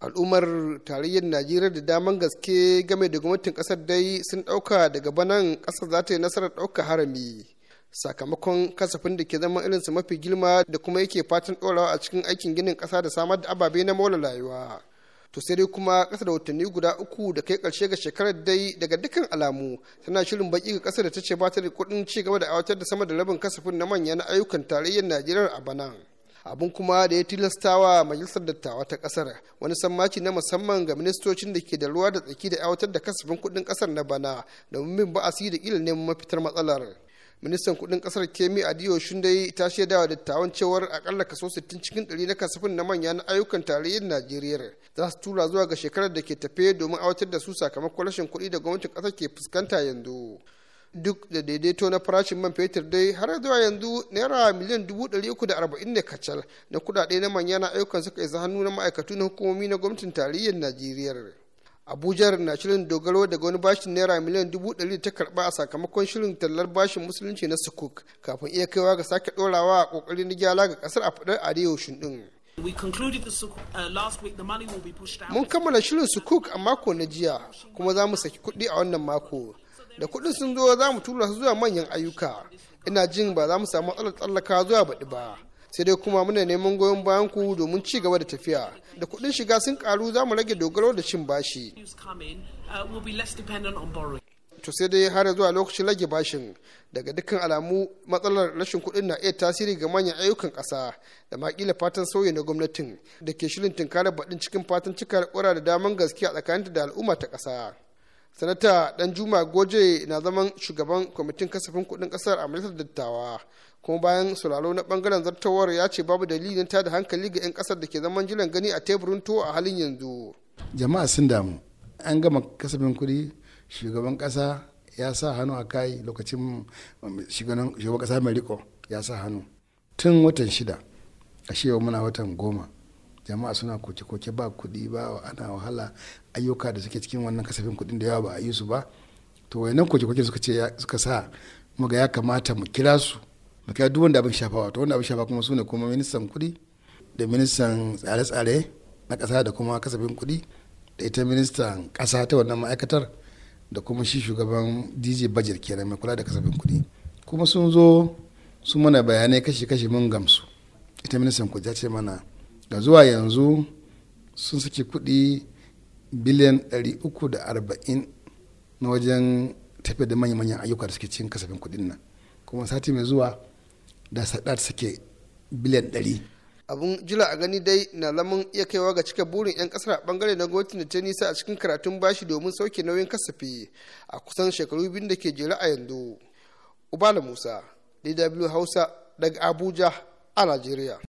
al'ummar tarayyar najeriya da daman gaske game da gwamnatin kasar dai sun ɗauka daga banan ƙasar za ta yi nasarar ɗauka harami sakamakon kasafin da ke zama irinsu mafi girma da kuma yake fatan ɗorawa a cikin aikin ginin kasa da samar da ababe na mola rayuwa to sai dai kuma kasa da watanni guda uku da kai karshe ga shekarar dai daga dukkan alamu tana shirin baki ga ƙasar da ta ce ba ta da kuɗin ci gaba da aiwatar da sama da rabin kasafin na manya na ayyukan tarayyar najeriya a banan abin kuma da ya tilasta tilastawa majalisar dattawa ta kasar wani sammaci na musamman ga ministocin da ke da ruwa da tsaki da aiwatar da kasafin kudin kasar na bana domin bin ba'asi da ilin neman mafitar matsalar ministan kudin kasar kemi adiyo dai ta shaidawa dattawan cewar akalla kaso 60 cikin 100 na kasafin na manya na ayyukan tarayyar najeriya za su tura zuwa ga shekarar da ke tafe domin aiwatar da su sakamakon rashin kuɗi da gwamnatin kasar ke fuskanta yanzu duk da daidaito na farashin man fetur dai har zuwa yanzu naira miliyan dubu ɗari uku da arba'in da kacal na kuɗaɗe na manya na ayyukan suka isa hannu na ma'aikatu na hukumomi na gwamnatin tarayyar najeriya abuja na shirin dogaro daga wani bashin naira miliyan dubu ɗari ta karɓa a sakamakon shirin tallar bashin musulunci na sukuk kafin iya kaiwa ga sake ɗorawa a ƙoƙarin na gyara ga ƙasar a faɗar arewacin ɗin. Uh, Mun kammala shirin sukuk a mako na jiya kuma za mu saki kuɗi a wannan mako. da kuɗin sun zo za mu tura su zuwa manyan ayyuka ina jin ba za mu samu matsalar tsallaka zuwa baɗi ba sai dai kuma muna neman goyon bayan ku domin ci gaba da tafiya da kuɗin shiga sun karu za mu rage dogaro da cin bashi uh, to sai dai har zuwa lokacin rage bashin daga dukkan alamu matsalar rashin kuɗin na iya tasiri ga manyan ayyukan ƙasa da makila fatan sauyi na gwamnatin da ke shirin tunkarar baɗin cikin fatan cikar kura da daman gaske tsakanin da al'umma ta ƙasa. sanata dan juma goje na zaman shugaban kwamitin kasafin kudin kasar a majalisar dattawa kuma bayan sulalo na bangaren zartawar ya ce babu dalilin ta da hankali ga 'yan kasar da ke zaman jiran gani a teburin tuwo a halin yanzu jama'a sun damu an gama kasafin kudi shugaban kasa ya sa hannu a kai lokacin um, shugaban kasa mai riko ya sa hannu tun watan shida a muna watan goma jama'a suna koke-koke ba kuɗi ba ana wahala ayyuka da suke cikin wannan kasafin kuɗin da yawa ba a yi su ba to wayannan koke-koke suka ce suka sa muga ya kamata mu kira su mu kira duk wanda abin shafa wato wanda abin shafa kuma su ne kuma ministan kuɗi da ministan tsare-tsare na kasa da kuma kasafin kuɗi da ita ministan ƙasa ta wannan ma'aikatar da kuma shi shugaban dj budget kenan mai kula da kasafin kuɗi kuma sun zo su mana bayanai kashi-kashi mun gamsu ita ministan kuɗi ta ce mana da zuwa yanzu sun saki kuɗi biliyan 340 na wajen tafiya da manya-manyan ayyuka da suke cin kasafin kuɗin nan kuma sati mai zuwa da sadar suke biliyan 100 abun jila a gani dai na lamun iya kaiwa ga cika burin 'yan kasar a bangare na gwamnati da ta nisa a cikin karatun bashi domin sauke nauyin kasafi a kusan shekaru biyu da ke jere a yanzu ubala musa dw hausa daga abuja a najeriya